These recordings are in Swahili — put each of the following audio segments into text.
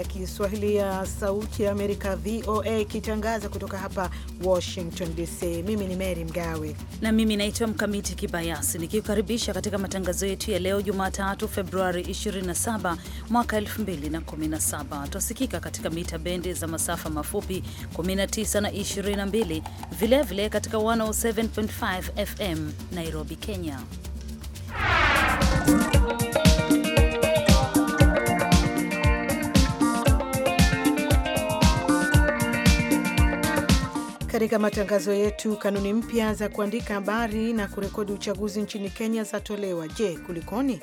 ya Kiswahili ya Sauti ya Amerika, VOA, ikitangaza kutoka hapa Washington DC. Mimi ni Mary Mgawe na mimi naitwa Mkamiti Kibayasi, nikikaribisha katika matangazo yetu ya leo Jumatatu, Februari 27 mwaka 2017. Twasikika katika mita bendi za masafa mafupi 19 na 22, vilevile vile katika 107.5 FM Nairobi, Kenya. Katika matangazo yetu, kanuni mpya za kuandika habari na kurekodi uchaguzi nchini Kenya zatolewa. Je, kulikoni?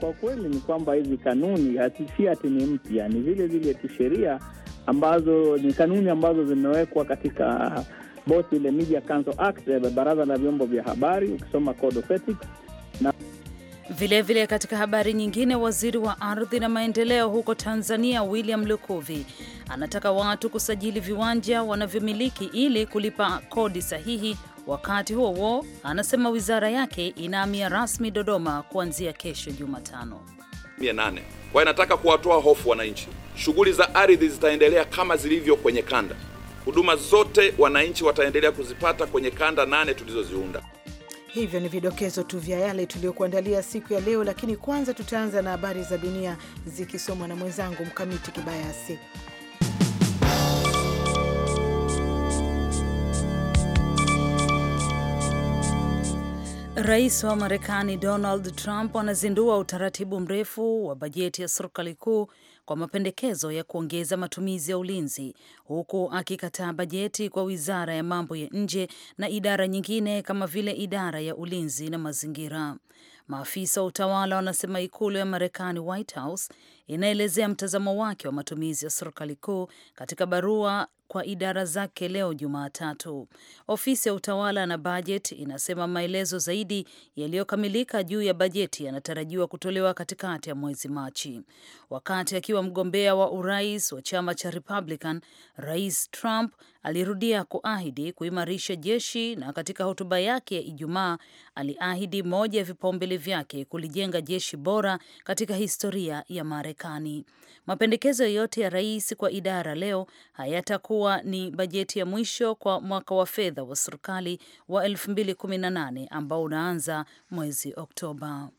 Kwa kweli ni kwamba hizi kanuni si ati ni mpya, ni vile vile tu sheria ambazo ni kanuni ambazo zimewekwa katika both ile Media Council Act eh, baraza la vyombo vya habari, ukisoma code of ethics na vilevile vile. Katika habari nyingine, waziri wa ardhi na maendeleo huko Tanzania William Lukuvi anataka watu kusajili viwanja wanavyomiliki ili kulipa kodi sahihi. Wakati huo huo, anasema wizara yake inahamia rasmi Dodoma kuanzia kesho Jumatano. mia nane. Kwa kuwatoa hofu wananchi, shughuli za ardhi zitaendelea kama zilivyo kwenye kanda, huduma zote wananchi wataendelea kuzipata kwenye kanda nane tulizoziunda. Hivyo ni vidokezo tu vya yale tuliyokuandalia siku ya leo, lakini kwanza tutaanza na habari za dunia zikisomwa na mwenzangu Mkamiti Kibayasi. Rais wa Marekani Donald Trump anazindua utaratibu mrefu wa bajeti ya serikali kuu kwa mapendekezo ya kuongeza matumizi ya ulinzi, huku akikataa bajeti kwa wizara ya mambo ya nje na idara nyingine kama vile idara ya ulinzi na mazingira. Maafisa wa utawala wanasema ikulu ya Marekani, White House, inaelezea mtazamo wake wa matumizi ya serikali kuu katika barua kwa idara zake leo Jumatatu. Ofisi ya utawala na bajeti inasema maelezo zaidi yaliyokamilika juu ya bajeti yanatarajiwa kutolewa katikati ya mwezi Machi. Wakati akiwa mgombea wa urais wa chama cha Republican, Rais Trump alirudia kuahidi kuimarisha jeshi, na katika hotuba yake ya Ijumaa aliahidi moja ya vipaumbele vyake kulijenga jeshi bora katika historia ya Marekani. Marekani. Mapendekezo yoyote ya rais kwa idara leo hayatakuwa ni bajeti ya mwisho kwa mwaka wa fedha wa serikali wa 2018 ambao unaanza mwezi Oktoba.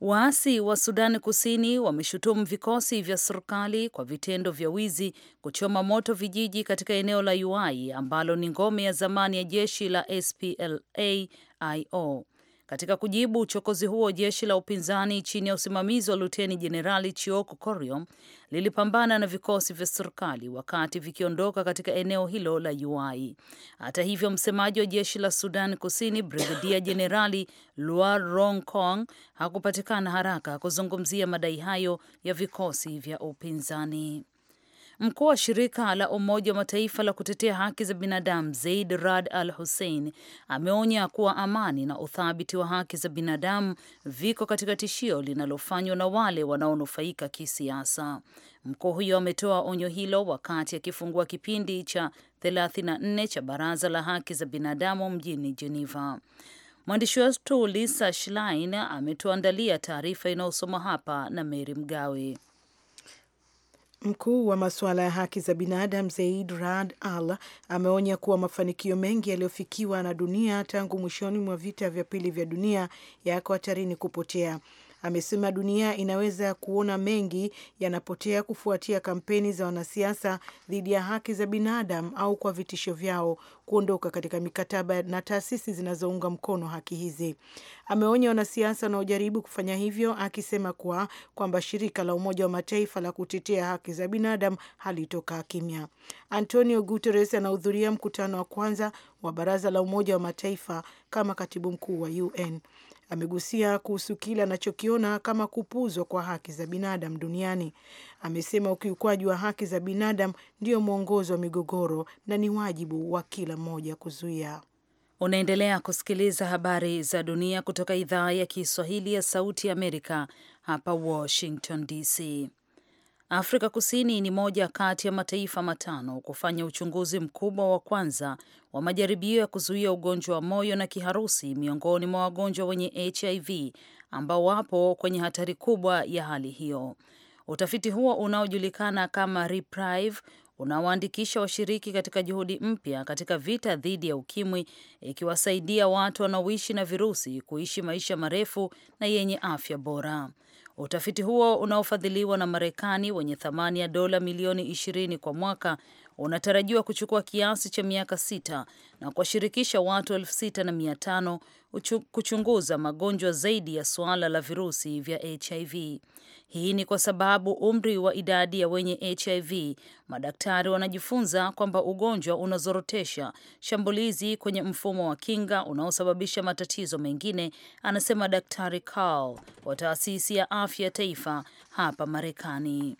Waasi wa Sudani Kusini wameshutumu vikosi vya serikali kwa vitendo vya wizi, kuchoma moto vijiji katika eneo la Uai ambalo ni ngome ya zamani ya jeshi la SPLA-IO. Katika kujibu uchokozi huo, jeshi la upinzani chini ya usimamizi wa luteni jenerali Chioko Korio lilipambana na vikosi vya serikali wakati vikiondoka katika eneo hilo la Uai. Hata hivyo, msemaji wa jeshi la Sudan Kusini brigadia jenerali Luar Rong Kong hakupatikana haraka kuzungumzia madai hayo ya vikosi vya upinzani. Mkuu wa shirika la Umoja wa Mataifa la kutetea haki za binadamu Zaid Rad Al Hussein ameonya kuwa amani na uthabiti wa haki za binadamu viko katika tishio linalofanywa na wale wanaonufaika kisiasa. Mkuu huyo ametoa onyo hilo wakati akifungua kipindi cha 34 cha Baraza la Haki za Binadamu mjini Geneva. Mwandishi wetu Lisa Schlein ametuandalia taarifa inayosoma hapa na Meri Mgawe. Mkuu wa masuala ya haki za binadamu zaid Raad Al ameonya kuwa mafanikio mengi yaliyofikiwa na dunia tangu mwishoni mwa vita vya pili vya dunia yako hatarini kupotea amesema dunia inaweza kuona mengi yanapotea kufuatia kampeni za wanasiasa dhidi ya haki za binadamu au kwa vitisho vyao kuondoka katika mikataba na taasisi zinazounga mkono haki hizi. Ameonya wanasiasa wanaojaribu kufanya hivyo, akisema kuwa kwamba shirika la Umoja wa Mataifa la kutetea haki za binadamu halitokaa kimya. Antonio Guterres anahudhuria mkutano wa kwanza wa Baraza la Umoja wa Mataifa kama katibu mkuu wa UN. Amegusia kuhusu kile anachokiona kama kupuzwa kwa haki za binadamu duniani. Amesema ukiukwaji wa haki za binadamu ndio mwongozo wa migogoro na ni wajibu wa kila mmoja kuzuia. Unaendelea kusikiliza habari za dunia kutoka idhaa ya Kiswahili ya Sauti ya Amerika hapa Washington DC. Afrika Kusini ni moja kati ya mataifa matano kufanya uchunguzi mkubwa wa kwanza wa majaribio ya kuzuia ugonjwa wa moyo na kiharusi miongoni mwa wagonjwa wenye HIV ambao wapo kwenye hatari kubwa ya hali hiyo. Utafiti huo unaojulikana kama REPRIVE unawaandikisha washiriki katika juhudi mpya katika vita dhidi ya ukimwi, ikiwasaidia watu wanaoishi na virusi kuishi maisha marefu na yenye afya bora. Utafiti huo unaofadhiliwa na Marekani wenye thamani ya dola milioni 20 kwa mwaka unatarajiwa kuchukua kiasi cha miaka sita na kuwashirikisha watu elfu sita na mia tano kuchunguza magonjwa zaidi ya suala la virusi vya HIV. Hii ni kwa sababu umri wa idadi ya wenye HIV, madaktari wanajifunza kwamba ugonjwa unazorotesha shambulizi kwenye mfumo wa kinga unaosababisha matatizo mengine, anasema Daktari Carl wa taasisi ya afya ya taifa hapa Marekani.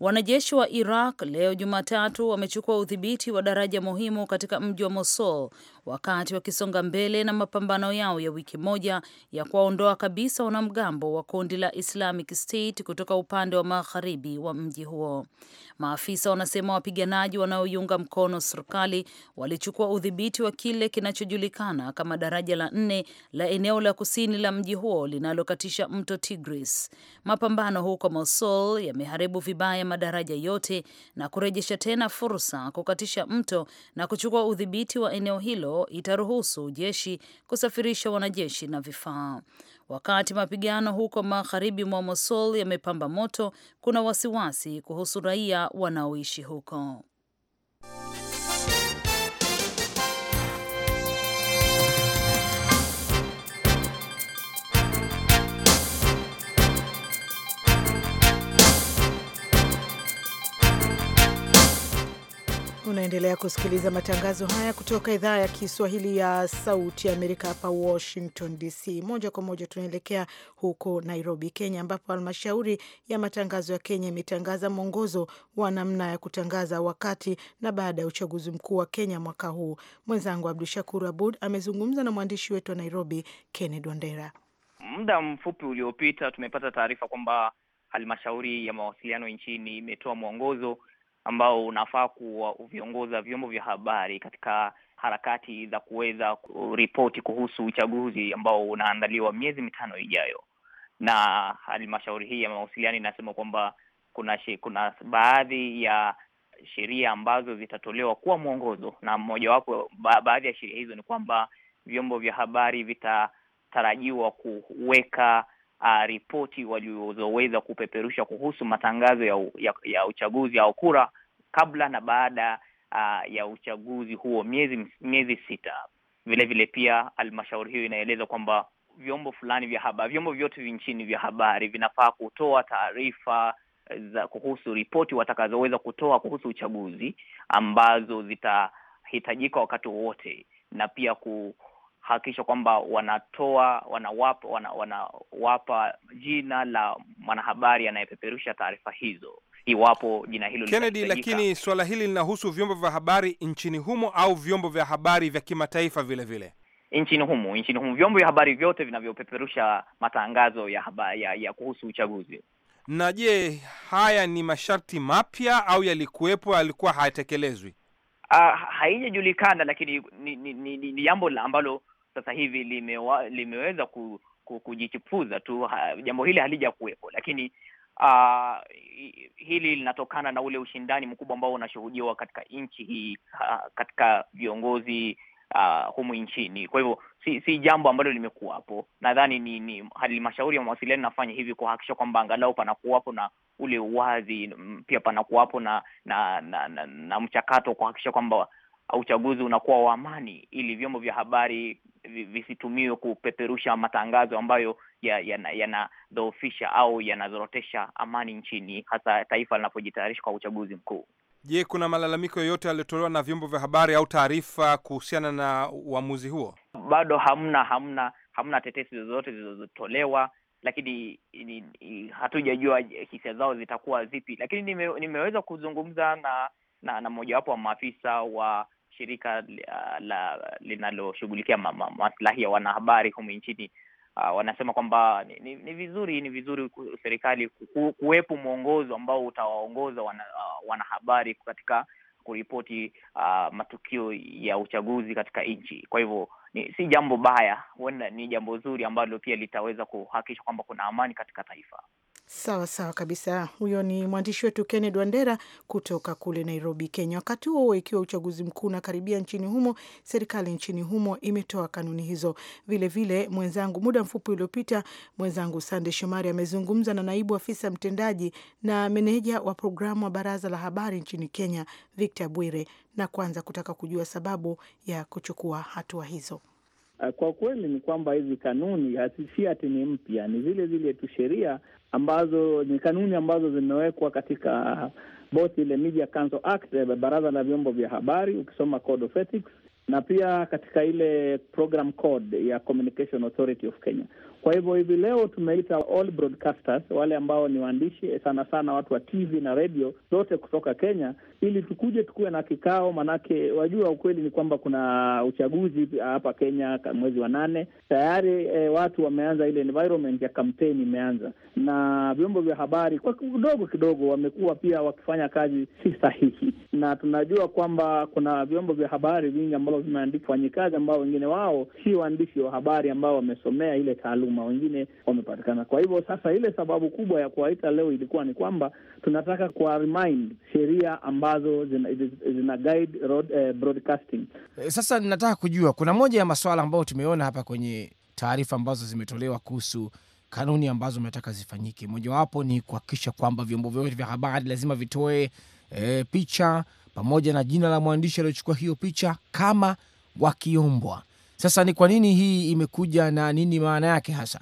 Wanajeshi wa Iraq leo Jumatatu wamechukua udhibiti wa daraja muhimu katika mji wa Mosul wakati wakisonga mbele na mapambano yao ya wiki moja ya kuwaondoa kabisa wanamgambo wa kundi la Islamic State kutoka upande wa magharibi wa mji huo. Maafisa wanasema wapiganaji wanaoiunga mkono serikali walichukua udhibiti wa kile kinachojulikana kama daraja la nne la eneo la kusini la mji huo linalokatisha mto Tigris. Mapambano huko Mosul yameharibu vibaya madaraja yote na kurejesha tena fursa kukatisha mto na kuchukua udhibiti wa eneo hilo itaruhusu jeshi kusafirisha wanajeshi na vifaa. Wakati mapigano huko magharibi mwa Mosul yamepamba moto, kuna wasiwasi kuhusu raia wanaoishi huko. Unaendelea kusikiliza matangazo haya kutoka idhaa ya Kiswahili ya Sauti ya Amerika hapa Washington DC. Moja kwa moja tunaelekea huko Nairobi, Kenya, ambapo halmashauri ya matangazo ya Kenya imetangaza mwongozo wa namna ya kutangaza wakati na baada ya uchaguzi mkuu wa Kenya mwaka huu. Mwenzangu Abdu Shakur Abud amezungumza na mwandishi wetu wa Nairobi, kenned Wandera. Muda mfupi uliopita tumepata taarifa kwamba halmashauri ya mawasiliano nchini imetoa mwongozo ambao unafaa kuviongoza vyombo vya habari katika harakati za kuweza kuripoti kuhusu uchaguzi ambao unaandaliwa miezi mitano ijayo. Na halmashauri hii ya mawasiliano inasema kwamba kuna shi, kuna baadhi ya sheria ambazo zitatolewa kuwa mwongozo, na mmojawapo ba, baadhi ya sheria hizo ni kwamba vyombo vya habari vitatarajiwa kuweka uh, ripoti walizoweza kupeperusha kuhusu matangazo ya, ya, ya uchaguzi au kura kabla na baada uh, ya uchaguzi huo miezi miezi sita. Vilevile vile pia halmashauri hiyo inaeleza kwamba vyombo fulani vya habari, vyombo vyote nchini vya habari vinafaa kutoa taarifa za kuhusu ripoti watakazoweza kutoa kuhusu uchaguzi ambazo zitahitajika wakati wowote, na pia ku, hakikisha kwamba wanatoa wanawapa wanawapa jina la mwanahabari anayepeperusha taarifa hizo iwapo jina hilo Kennedy. Lakini suala hili linahusu vyombo vya habari nchini humo au vyombo vya habari vya kimataifa vile vile? Nchini humo, nchini humo, vyombo vya habari vyote vinavyopeperusha matangazo ya habari, ya, ya kuhusu uchaguzi. Na je, haya ni masharti mapya au yalikuwepo, yalikuwa hayatekelezwi? Uh, haijajulikana, lakini ni jambo ni, ni, ni ambalo sasa hivi limewa, limeweza ku, ku, kujichipuza tu ha, jambo hili halija kuwepo, lakini uh, hili linatokana na ule ushindani mkubwa ambao unashuhudiwa katika nchi hii uh, katika viongozi uh, humu nchini. Kwa hivyo si, si jambo ambalo limekuwapo. Nadhani ni, ni halmashauri ya mawasiliano inafanya hivi kuhakikisha kwamba angalau panakuwapo na ule uwazi, mm, pia panakuwapo na na, na, na, na mchakato wa kuhakikisha kwamba uchaguzi unakuwa wa amani, ili vyombo vya habari visitumiwe kupeperusha matangazo ambayo yanadhoofisha ya, ya au yanazorotesha amani nchini, hasa taifa linapojitayarisha kwa uchaguzi mkuu. Je, kuna malalamiko yoyote yaliyotolewa na vyombo vya habari au taarifa kuhusiana na uamuzi huo? Bado hamna hamna hamna tetesi zozote zilizotolewa, lakini hatujajua hisia zao zitakuwa zipi, lakini nime, nimeweza kuzungumza na na, na mojawapo wa maafisa wa shirika uh, la linaloshughulikia maslahi ya wanahabari humu nchini uh, wanasema kwamba ni, ni, ni vizuri ni vizuri serikali kuwepo mwongozo ambao utawaongoza wana, uh, wanahabari katika kuripoti uh, matukio ya uchaguzi katika nchi. Kwa hivyo ni, si jambo baya, huenda ni jambo zuri ambalo pia litaweza kuhakikisha kwamba kuna amani katika taifa. Sawa sawa kabisa. Huyo ni mwandishi wetu kenned Wandera kutoka kule Nairobi, Kenya. Wakati huo huo, ikiwa uchaguzi mkuu unakaribia nchini humo, serikali nchini humo imetoa kanuni hizo. Vilevile vile, mwenzangu muda mfupi uliopita mwenzangu Sande Shomari amezungumza na naibu afisa mtendaji na meneja wa programu wa baraza la habari nchini Kenya, Victor Bwire, na kwanza kutaka kujua sababu ya kuchukua hatua hizo. Kwa kweli ni kwamba hizi kanuni si ati ni mpya, ni zile zile tu sheria ambazo ni kanuni ambazo zimewekwa katika both ile Media Council Act, eh, baraza la vyombo vya habari, ukisoma Code of Ethics na pia katika ile program code ya Communication Authority of Kenya. Kwa hivyo hivi leo tumeita all broadcasters, wale ambao ni waandishi eh, sana sana, watu wa TV na redio zote kutoka Kenya, ili tukuje tukuwe na kikao, manake wajua ukweli ni kwamba kuna uchaguzi hapa Kenya mwezi wa nane tayari. E, watu wameanza ile environment ya kampeni imeanza, na vyombo vya habari kwa kidogo kidogo wamekuwa pia wakifanya kazi si sahihi, na tunajua kwamba kuna vyombo vya habari vingi ambavyo vimeandikwa wafanyikazi ambao wengine wao si waandishi wa habari ambao wamesomea ile taaluma wakulima wengine wamepatikana. Kwa hivyo sasa, ile sababu kubwa ya kuwaita leo ilikuwa ni kwamba tunataka kuwa remind sheria ambazo zina, zina guide road, eh, broadcasting. Eh, sasa ninataka kujua kuna moja ya masuala ambayo tumeona hapa kwenye taarifa ambazo zimetolewa kuhusu kanuni ambazo mnataka zifanyike. Mojawapo ni kuhakikisha kwamba vyombo vyote vya habari lazima vitoe e, picha pamoja na jina la mwandishi aliochukua hiyo picha kama wakiombwa. Sasa ni kwa nini hii imekuja na nini maana yake hasa?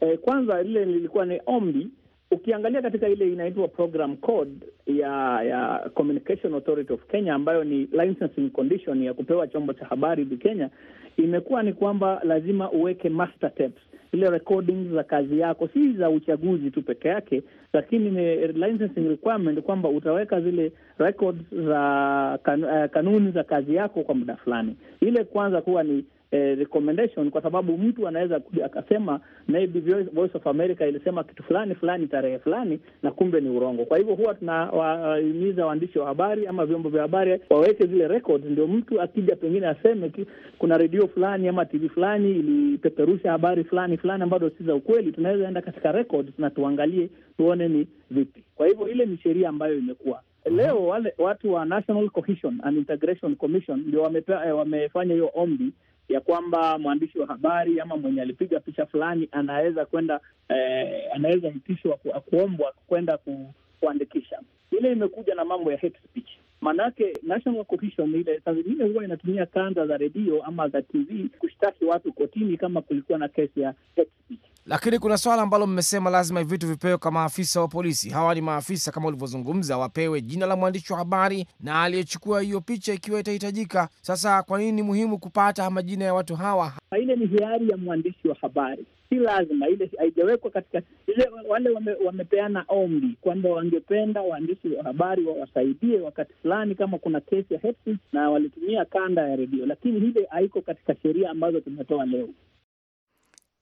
E, kwanza lile lilikuwa ni ombi. Ukiangalia katika ile inaitwa program code ya ya Communication Authority of Kenya ambayo ni licensing condition ya kupewa chombo cha habari hivi Kenya, imekuwa ni kwamba lazima uweke master tapes zile recordings za kazi yako, si za uchaguzi tu peke yake, lakini ni licensing requirement kwamba utaweka zile records za kan, uh, kanuni za kazi yako kwa muda fulani. Ile kwanza kuwa ni eh, recommendation kwa sababu mtu anaweza kuja akasema maybe Voice of America ilisema kitu fulani fulani tarehe fulani na kumbe ni urongo. Kwa hivyo huwa tunawahimiza waandishi wa habari ama vyombo vya habari waweke zile records, ndio mtu akija pengine aseme kuna redio fulani ama TV fulani ilipeperusha habari fulani fulani ambazo si za ukweli, tunaweza enda katika records na tuangalie tuone ni vipi. Kwa hivyo ile ni sheria ambayo imekuwa mhm. leo wale watu wa National Cohesion and Integration Commission ndio eh, wamefanya hiyo ombi ya kwamba mwandishi wa habari ama mwenye alipiga picha fulani anaweza kwenda eh, anaweza itishwa ku, kuombwa kwenda ku, kuandikisha. Ile imekuja na mambo ya hate speech, maanake National Commission ile saa zingine huwa inatumia kanda za redio ama za TV kushtaki watu kotini kama kulikuwa na kesi ya hate speech. Lakini kuna swala ambalo mmesema lazima vitu vipewe kwa maafisa wa polisi. Hawa ni maafisa kama ulivyozungumza, wapewe jina la mwandishi wa habari na aliyechukua hiyo picha ikiwa itahitajika. Sasa kwa nini ni muhimu kupata majina ya watu hawa? Ile ni hiari ya mwandishi wa habari, si lazima ile, haijawekwa katika ile. Wale wame, wamepeana ombi kwamba wangependa waandishi wa habari wawasaidie wakati fulani, kama kuna kesi ya hate na walitumia kanda ya redio, lakini hile haiko katika sheria ambazo tumetoa leo.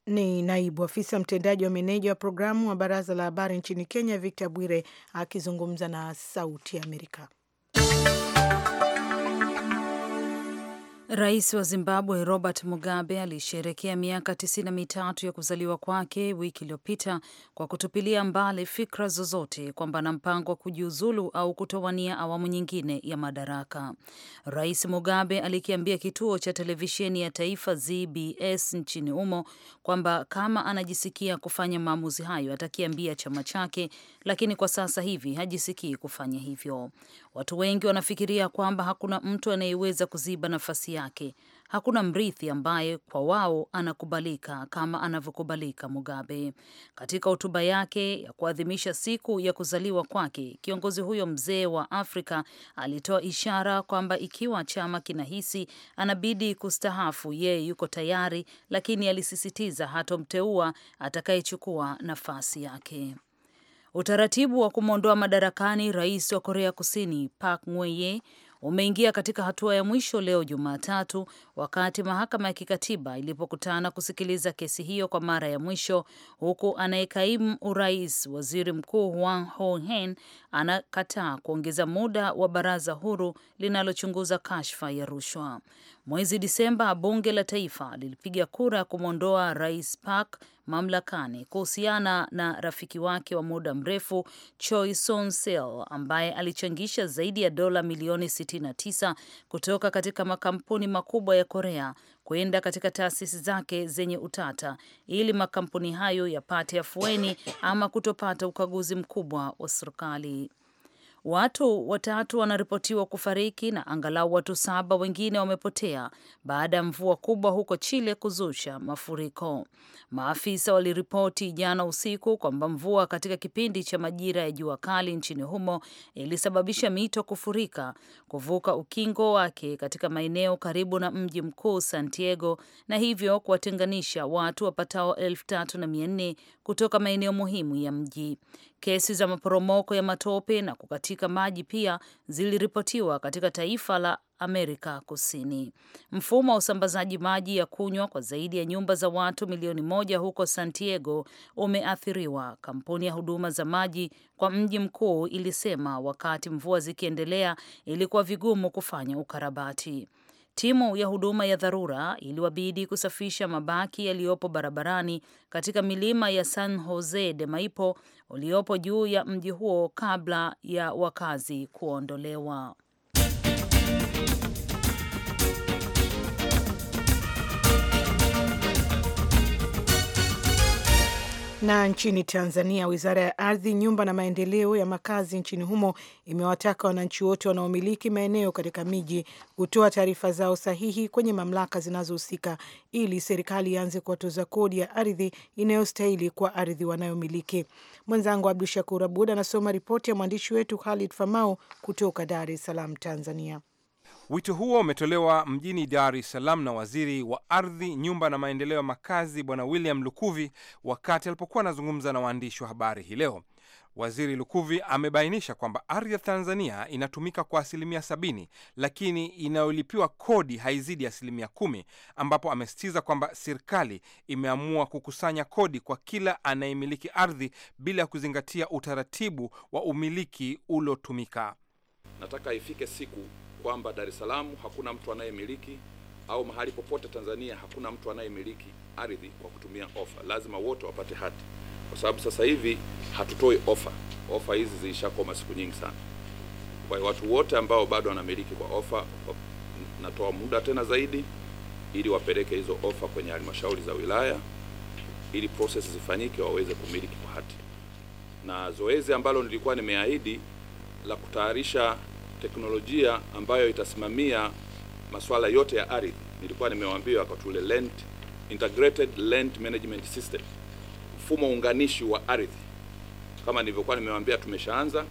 Ni naibu afisa mtendaji wa meneja wa programu wa baraza la habari nchini Kenya, Victor Bwire akizungumza na Sauti ya Amerika. Rais wa Zimbabwe Robert Mugabe alisherekea miaka tisini na mitatu ya kuzaliwa kwake wiki iliyopita kwa kutupilia mbali fikra zozote kwamba ana mpango wa kujiuzulu au kutowania awamu nyingine ya madaraka. Rais Mugabe alikiambia kituo cha televisheni ya taifa ZBS nchini humo kwamba kama anajisikia kufanya maamuzi hayo atakiambia chama chake, lakini kwa sasa hivi hajisikii kufanya hivyo. Watu wengi wanafikiria kwamba hakuna mtu anayeweza kuziba nafasi yake. Hakuna mrithi ambaye kwa wao anakubalika kama anavyokubalika Mugabe. Katika hotuba yake ya kuadhimisha siku ya kuzaliwa kwake, kiongozi huyo mzee wa Afrika alitoa ishara kwamba ikiwa chama kinahisi anabidi kustahafu, yeye yuko tayari, lakini alisisitiza hatomteua atakayechukua nafasi yake. Utaratibu wa kumwondoa madarakani rais wa Korea Kusini Park Geun-hye umeingia katika hatua ya mwisho leo Jumatatu, wakati mahakama ya kikatiba ilipokutana kusikiliza kesi hiyo kwa mara ya mwisho, huku anayekaimu urais waziri mkuu Wang Hohen anakataa kuongeza muda wa baraza huru linalochunguza kashfa ya rushwa. Mwezi Disemba, bunge la taifa lilipiga kura ya kumwondoa rais Park mamlakani kuhusiana na rafiki wake wa muda mrefu Choi Soon Sil ambaye alichangisha zaidi ya dola milioni 69 kutoka katika makampuni makubwa ya Korea kwenda katika taasisi zake zenye utata ili makampuni hayo yapate afueni ama kutopata ukaguzi mkubwa wa serikali. Watu watatu wanaripotiwa kufariki na angalau watu saba wengine wamepotea baada ya mvua kubwa huko Chile kuzusha mafuriko. Maafisa waliripoti jana usiku kwamba mvua katika kipindi cha majira ya jua kali nchini humo ilisababisha mito kufurika, kuvuka ukingo wake katika maeneo karibu na mji mkuu Santiago, na hivyo kuwatenganisha watu wapatao elfu tatu na mia nne kutoka maeneo muhimu ya mji. Kesi za maporomoko ya matope na kukatika maji pia ziliripotiwa katika taifa la Amerika Kusini. Mfumo wa usambazaji maji ya kunywa kwa zaidi ya nyumba za watu milioni moja huko Santiago umeathiriwa, kampuni ya huduma za maji kwa mji mkuu ilisema. Wakati mvua zikiendelea, ilikuwa vigumu kufanya ukarabati. Timu ya huduma ya dharura iliwabidi kusafisha mabaki yaliyopo barabarani katika milima ya San Jose de Maipo uliopo juu ya mji huo kabla ya wakazi kuondolewa. Na nchini Tanzania, wizara ya ardhi, nyumba na maendeleo ya makazi nchini humo imewataka wananchi wote wanaomiliki maeneo katika miji kutoa taarifa zao sahihi kwenye mamlaka zinazohusika ili serikali ianze kuwatoza kodi ya ardhi inayostahili kwa ardhi wanayomiliki. Mwenzangu Abdu Shakur Abud anasoma ripoti ya mwandishi wetu Khalid Famau kutoka Dar es Salaam, Tanzania. Wito huo umetolewa mjini Dar es Salaam na waziri wa ardhi, nyumba na maendeleo ya makazi, Bwana William Lukuvi, wakati alipokuwa anazungumza na waandishi wa habari hii leo. Waziri Lukuvi amebainisha kwamba ardhi ya Tanzania inatumika kwa asilimia sabini, lakini inayolipiwa kodi haizidi asilimia kumi, ambapo amesisitiza kwamba serikali imeamua kukusanya kodi kwa kila anayemiliki ardhi bila ya kuzingatia utaratibu wa umiliki uliotumika. Nataka ifike siku kwamba Dar es Salaam hakuna mtu anayemiliki au mahali popote Tanzania hakuna mtu anayemiliki ardhi kwa kutumia ofa. Lazima wote wapate hati, kwa sababu sasa hivi hatutoi ofa. Ofa hizi zilishakoma siku nyingi sana. Kwa watu wote ambao bado wanamiliki kwa ofa, natoa muda tena zaidi ili wapeleke hizo ofa kwenye halmashauri za wilaya ili process zifanyike waweze kumiliki kwa hati, na zoezi ambalo nilikuwa nimeahidi la kutayarisha teknolojia ambayo itasimamia masuala yote ya ardhi. Nilikuwa nimewaambia kwa tule land, integrated land management system, mfumo unganishi wa ardhi. Kama nilivyokuwa nimewaambia, tumeshaanza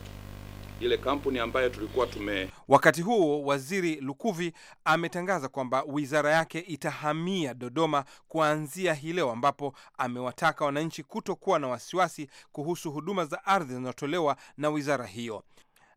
ile kampuni ambayo tulikuwa tume. Wakati huo Waziri Lukuvi ametangaza kwamba wizara yake itahamia Dodoma kuanzia hii leo, ambapo amewataka wananchi kutokuwa na wasiwasi kuhusu huduma za ardhi zinazotolewa na wizara hiyo.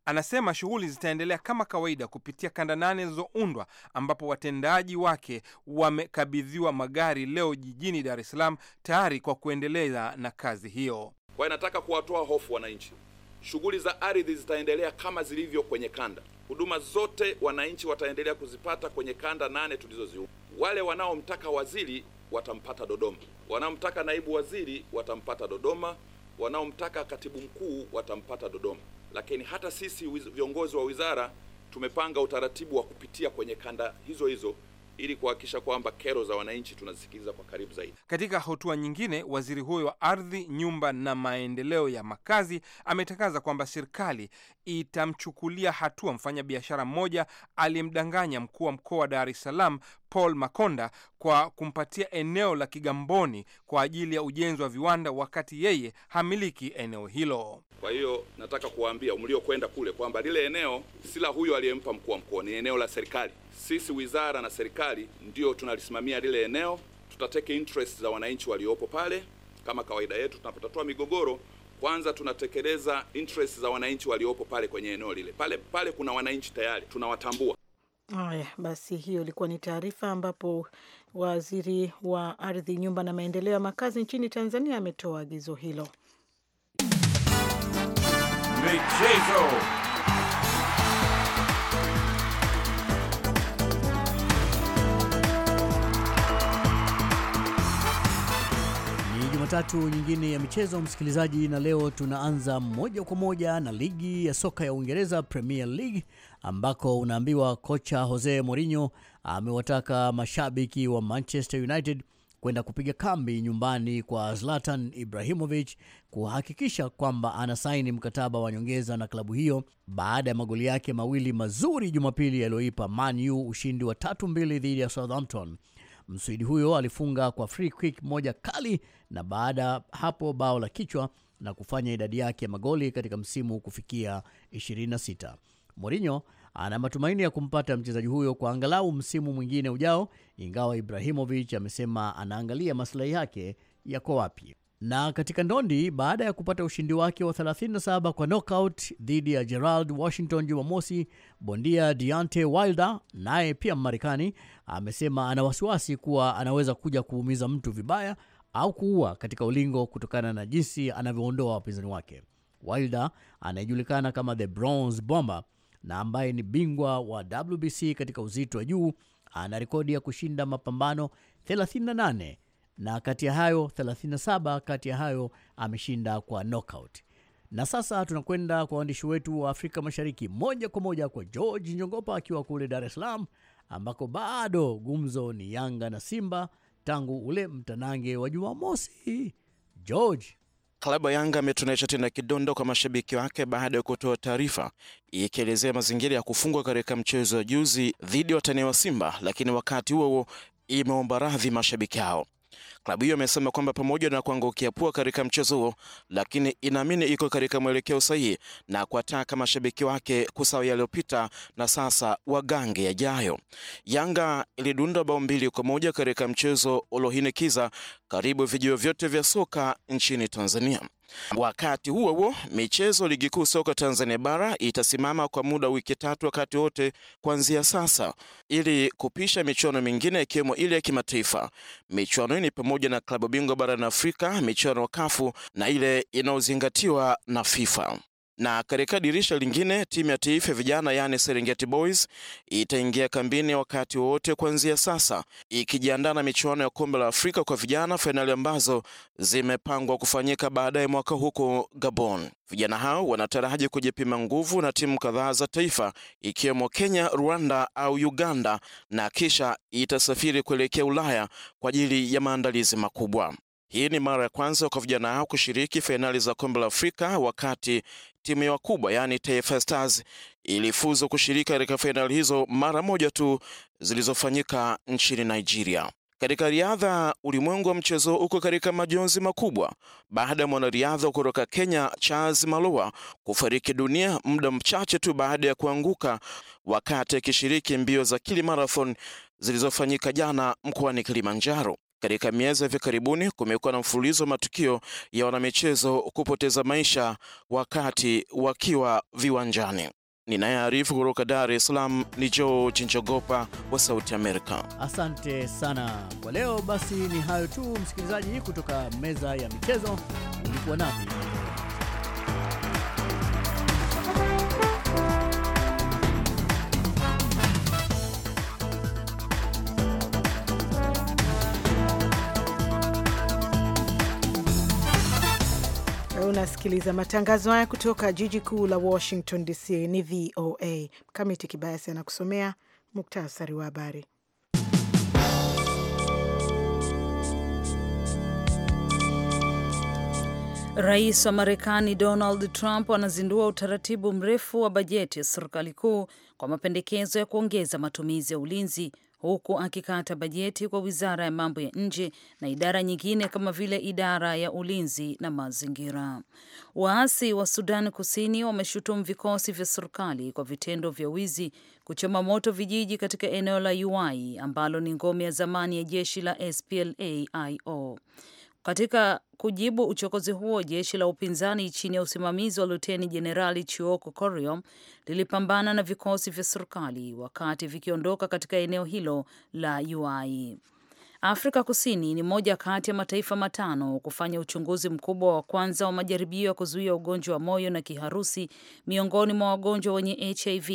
Anasema shughuli zitaendelea kama kawaida kupitia kanda nane zilizoundwa ambapo watendaji wake wamekabidhiwa magari leo jijini Dar es Salaam tayari kwa kuendeleza na kazi hiyo. Kwa inataka kuwatoa hofu wananchi, shughuli za ardhi zitaendelea kama zilivyo kwenye kanda. Huduma zote wananchi wataendelea kuzipata kwenye kanda nane tulizoziunda. Wale wanaomtaka waziri watampata Dodoma, wanaomtaka naibu waziri watampata Dodoma, wanaomtaka katibu mkuu watampata Dodoma lakini hata sisi viongozi wa wizara tumepanga utaratibu wa kupitia kwenye kanda hizo hizo ili kuhakikisha kwamba kero za wananchi tunazisikiliza kwa karibu zaidi. Katika hotua nyingine, waziri huyo wa ardhi, nyumba na maendeleo ya makazi ametangaza kwamba serikali itamchukulia hatua mfanyabiashara mmoja aliyemdanganya mkuu wa mkoa wa Dar es Salaam Paul Makonda kwa kumpatia eneo la Kigamboni kwa ajili ya ujenzi wa viwanda wakati yeye hamiliki eneo hilo. Kwa hiyo nataka kuwaambia mliokwenda kule kwamba lile eneo si la huyo aliyempa mkuu wa mkoa, ni eneo la serikali. Sisi wizara na serikali ndio tunalisimamia lile eneo, tutateke interest za wananchi waliopo pale. Kama kawaida yetu, tunapotatua migogoro, kwanza tunatekeleza interest za wananchi waliopo pale kwenye eneo lile. Pale pale kuna wananchi tayari tunawatambua. Haya basi, hiyo ilikuwa ni taarifa ambapo waziri wa ardhi, nyumba na maendeleo ya makazi nchini Tanzania ametoa agizo hilo. Michezo. tatu nyingine ya michezo msikilizaji, na leo tunaanza moja kwa moja na ligi ya soka ya Uingereza, Premier League, ambako unaambiwa kocha Jose Mourinho amewataka mashabiki wa Manchester United kwenda kupiga kambi nyumbani kwa Zlatan Ibrahimovic kuhakikisha kwamba anasaini mkataba wa nyongeza na klabu hiyo baada ya magoli yake mawili mazuri Jumapili yaliyoipa Man U ushindi wa tatu mbili dhidi ya Southampton. Mswidi huyo alifunga kwa free kick moja kali na baada hapo bao la kichwa na kufanya idadi yake ya magoli katika msimu kufikia 26. Mourinho ana matumaini ya kumpata mchezaji huyo kwa angalau msimu mwingine ujao, ingawa ibrahimovich amesema anaangalia maslahi yake yako wapi. Na katika ndondi, baada ya kupata ushindi wake wa 37 kwa knockout dhidi ya Gerald Washington Jumamosi, bondia Deontay Wilder naye pia Mmarekani amesema ana wasiwasi kuwa anaweza kuja kuumiza mtu vibaya au kuua katika ulingo kutokana na jinsi anavyoondoa wapinzani wake. Wilder anayejulikana kama the Bronze Bomber na ambaye ni bingwa wa WBC katika uzito wa juu ana rekodi ya kushinda mapambano 38 na kati ya hayo 37 kati ya hayo ameshinda kwa knockout. Na sasa tunakwenda kwa waandishi wetu wa Afrika Mashariki moja kwa moja kwa George Njongopa akiwa kule Dar es Salaam ambako bado gumzo ni Yanga na Simba tangu ule mtanange wa Jumamosi. George, Klabu ya Yanga imetunaisha tena kidondo kwa mashabiki wake baada ya kutoa taarifa ikielezea mazingira ya kufungwa katika mchezo wa juzi dhidi ya watani wa Simba, lakini wakati huo huo imeomba radhi mashabiki hao. Klabu hiyo imesema kwamba pamoja na kuangukia pua katika mchezo huo, lakini inaamini iko katika mwelekeo sahihi na kuwataka mashabiki wake kusawa yaliyopita na sasa wagange yajayo. Yanga ilidunda bao mbili kwa moja katika mchezo uliohinikiza karibu vijio vyote vya soka nchini Tanzania. Wakati huo huo, michezo ligi kuu soka Tanzania bara itasimama kwa muda wiki tatu wakati wote kuanzia sasa, ili kupisha michuano mingine ikiwemo ile ya kimataifa. Michuano hii ni pamoja na klabu bingwa barani Afrika, michuano ya Kafu na ile inayozingatiwa na FIFA. Na katika dirisha lingine, timu ya taifa ya vijana yaani Serengeti Boys itaingia kambini wakati wowote kuanzia sasa, ikijiandaa na michuano ya kombe la Afrika kwa vijana, fainali ambazo zimepangwa kufanyika baadaye mwaka huko Gabon. Vijana hao wanataraji kujipima nguvu na timu kadhaa za taifa ikiwemo Kenya, Rwanda au Uganda, na kisha itasafiri kuelekea Ulaya kwa ajili ya maandalizi makubwa. Hii ni mara ya kwanza kwa vijana hao kushiriki fainali za kombe la Afrika wakati timu ya wakubwa yaani Taifa Stars ilifuzu kushiriki katika fainali hizo mara moja tu zilizofanyika nchini Nigeria. Katika riadha, ulimwengu wa mchezo uko katika majonzi makubwa baada ya mwanariadha kutoka Kenya Charles Maloa kufariki dunia muda mchache tu baada ya kuanguka wakati akishiriki mbio za kilimarathon zilizofanyika jana mkoani Kilimanjaro. Katika miezi ya hivi karibuni kumekuwa na mfululizo wa matukio ya wanamichezo kupoteza maisha wakati wakiwa viwanjani. Ninayearifu kutoka Dar es Salaam ni George Njogopa wa Sauti Amerika. Asante sana kwa leo. Basi ni hayo tu, msikilizaji, kutoka meza ya michezo. Ulikuwa nami Unasikiliza matangazo haya kutoka jiji kuu la Washington DC. Ni VOA Mkamiti Kibayasi anakusomea muktasari wa habari. Rais wa Marekani Donald Trump anazindua utaratibu mrefu wa bajeti ya serikali kuu kwa mapendekezo ya kuongeza matumizi ya ulinzi huku akikata bajeti kwa wizara ya mambo ya nje na idara nyingine kama vile idara ya ulinzi na mazingira. Waasi wa Sudan Kusini wameshutumu vikosi vya serikali kwa vitendo vya wizi, kuchoma moto vijiji katika eneo la Uai ambalo ni ngome ya zamani ya jeshi la splaio katika kujibu uchokozi huo, jeshi la upinzani chini ya usimamizi wa luteni jenerali Chioko Korio lilipambana na vikosi vya serikali wakati vikiondoka katika eneo hilo la Uai. Afrika Kusini ni moja kati ya mataifa matano kufanya uchunguzi mkubwa wa kwanza wa majaribio ya kuzuia ugonjwa wa moyo na kiharusi miongoni mwa wagonjwa wenye HIV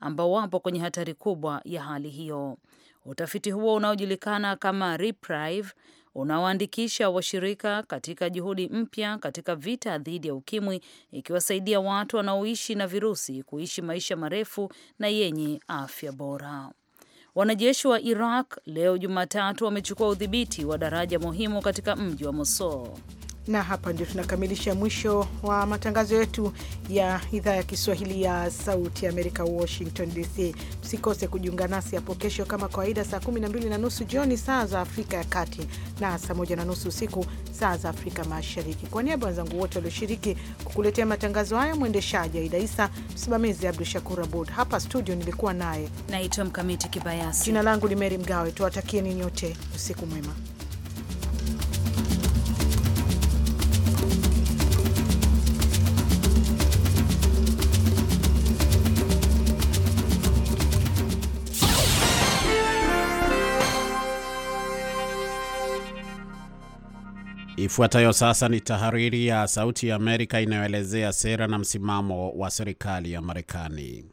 ambao wapo kwenye hatari kubwa ya hali hiyo. Utafiti huo unaojulikana kama REPRIVE unaoandikisha washirika katika juhudi mpya katika vita dhidi ya ukimwi, ikiwasaidia watu wanaoishi na virusi kuishi maisha marefu na yenye afya bora. Wanajeshi wa Iraq leo Jumatatu wamechukua udhibiti wa daraja muhimu katika mji wa Mosul na hapa ndio tunakamilisha mwisho wa matangazo yetu ya idhaa ya Kiswahili ya Sauti ya Amerika, Washington DC. Msikose kujiunga nasi hapo kesho kama kawaida, saa 12 na nusu jioni saa za Afrika ya Kati na saa moja na nusu usiku saa za Afrika Mashariki. Kwa niaba wenzangu wote walioshiriki kukuletea matangazo haya, mwendeshaji Aida Isa, msimamizi Abdu Shakur Abud, hapa studio nilikuwa naye naitwa Mkamiti Kibayasi, jina langu ni Meri Mgawe. tuwatakie nyote usiku mwema. Ifuatayo sasa ni tahariri ya Sauti ya Amerika inayoelezea sera na msimamo wa serikali ya Marekani.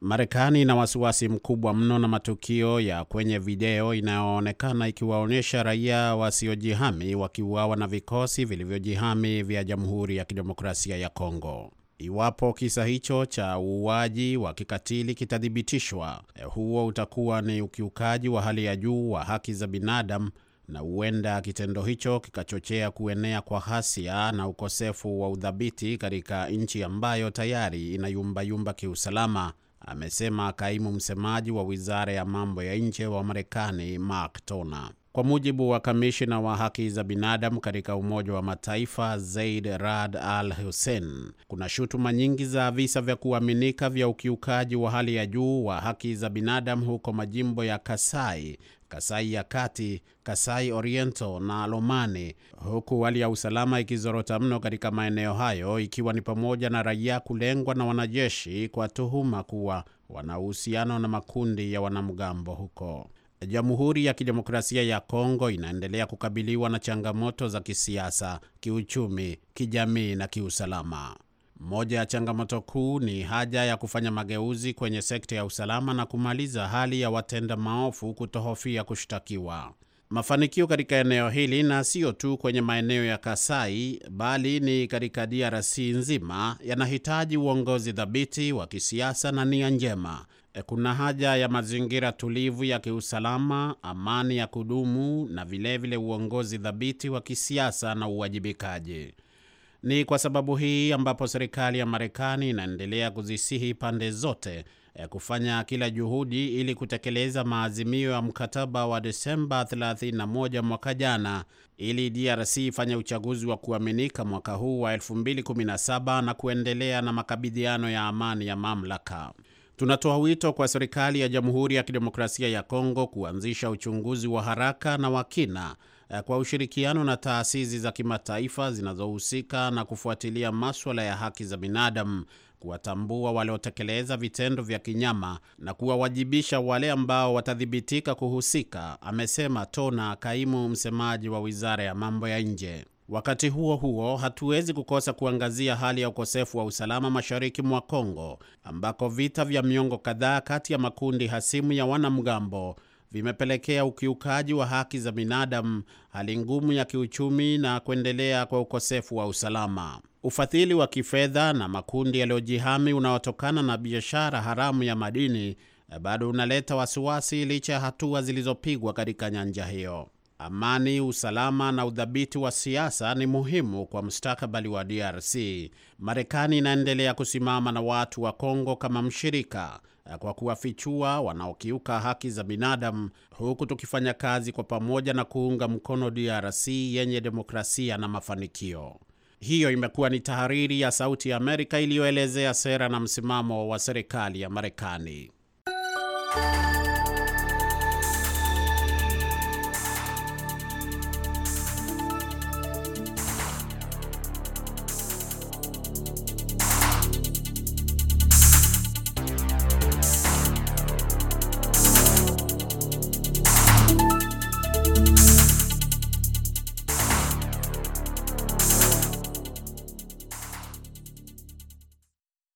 Marekani ina wasiwasi mkubwa mno na matukio ya kwenye video inayoonekana ikiwaonyesha raia wasiojihami wakiuawa na vikosi vilivyojihami vya Jamhuri ya Kidemokrasia ya Kongo. Iwapo kisa hicho cha uuaji wa kikatili kitathibitishwa, eh, huo utakuwa ni ukiukaji wa hali ya juu wa haki za binadamu na huenda kitendo hicho kikachochea kuenea kwa ghasia na ukosefu wa udhabiti katika nchi ambayo tayari inayumbayumba kiusalama, amesema kaimu msemaji wa wizara ya mambo ya nje wa Marekani Mark Toner. Kwa mujibu wa kamishina wa haki za binadamu katika Umoja wa Mataifa Zaid Rad Al Hussein, kuna shutuma nyingi za visa vya kuaminika vya ukiukaji wa hali ya juu wa haki za binadamu huko majimbo ya Kasai Kasai ya Kati, Kasai Oriental na Lomane, huku hali ya usalama ikizorota mno katika maeneo hayo, ikiwa ni pamoja na raia kulengwa na wanajeshi kwa tuhuma kuwa wana uhusiano na makundi ya wanamgambo huko. Jamhuri ya Kidemokrasia ya Kongo inaendelea kukabiliwa na changamoto za kisiasa, kiuchumi, kijamii na kiusalama. Moja ya changamoto kuu ni haja ya kufanya mageuzi kwenye sekta ya usalama na kumaliza hali ya watenda maofu kutohofia kushtakiwa. Mafanikio katika eneo hili na sio tu kwenye maeneo ya Kasai bali ni katika DRC nzima yanahitaji uongozi thabiti wa kisiasa na nia njema. E, kuna haja ya mazingira tulivu ya kiusalama, amani ya kudumu na vilevile vile uongozi thabiti wa kisiasa na uwajibikaji. Ni kwa sababu hii ambapo serikali ya Marekani inaendelea kuzisihi pande zote eh, kufanya kila juhudi ili kutekeleza maazimio ya mkataba wa Desemba 31 mwaka jana ili DRC ifanye uchaguzi wa kuaminika mwaka huu wa 2017 na kuendelea na makabidhiano ya amani ya mamlaka. Tunatoa wito kwa serikali ya Jamhuri ya Kidemokrasia ya Kongo kuanzisha uchunguzi wa haraka na wa kina Eh, kwa ushirikiano na taasisi za kimataifa zinazohusika na kufuatilia maswala ya haki za binadamu kuwatambua waliotekeleza vitendo vya kinyama na kuwawajibisha wale ambao watathibitika kuhusika, amesema Tona, kaimu msemaji wa wizara ya mambo ya nje. Wakati huo huo, hatuwezi kukosa kuangazia hali ya ukosefu wa usalama mashariki mwa Kongo, ambako vita vya miongo kadhaa kati ya makundi hasimu ya wanamgambo vimepelekea ukiukaji wa haki za binadamu, hali ngumu ya kiuchumi na kuendelea kwa ukosefu wa usalama. Ufadhili wa kifedha na makundi yaliyojihami unaotokana na biashara haramu ya madini eh, bado unaleta wasiwasi licha ya hatua zilizopigwa katika nyanja hiyo. Amani, usalama na udhabiti wa siasa ni muhimu kwa mustakabali wa DRC. Marekani inaendelea kusimama na watu wa Kongo kama mshirika Eh, kwa kuwafichua wanaokiuka haki za binadamu, huku tukifanya kazi kwa pamoja na kuunga mkono DRC yenye demokrasia na mafanikio. Hiyo imekuwa ni tahariri ya Sauti ya Amerika iliyoelezea sera na msimamo wa serikali ya Marekani.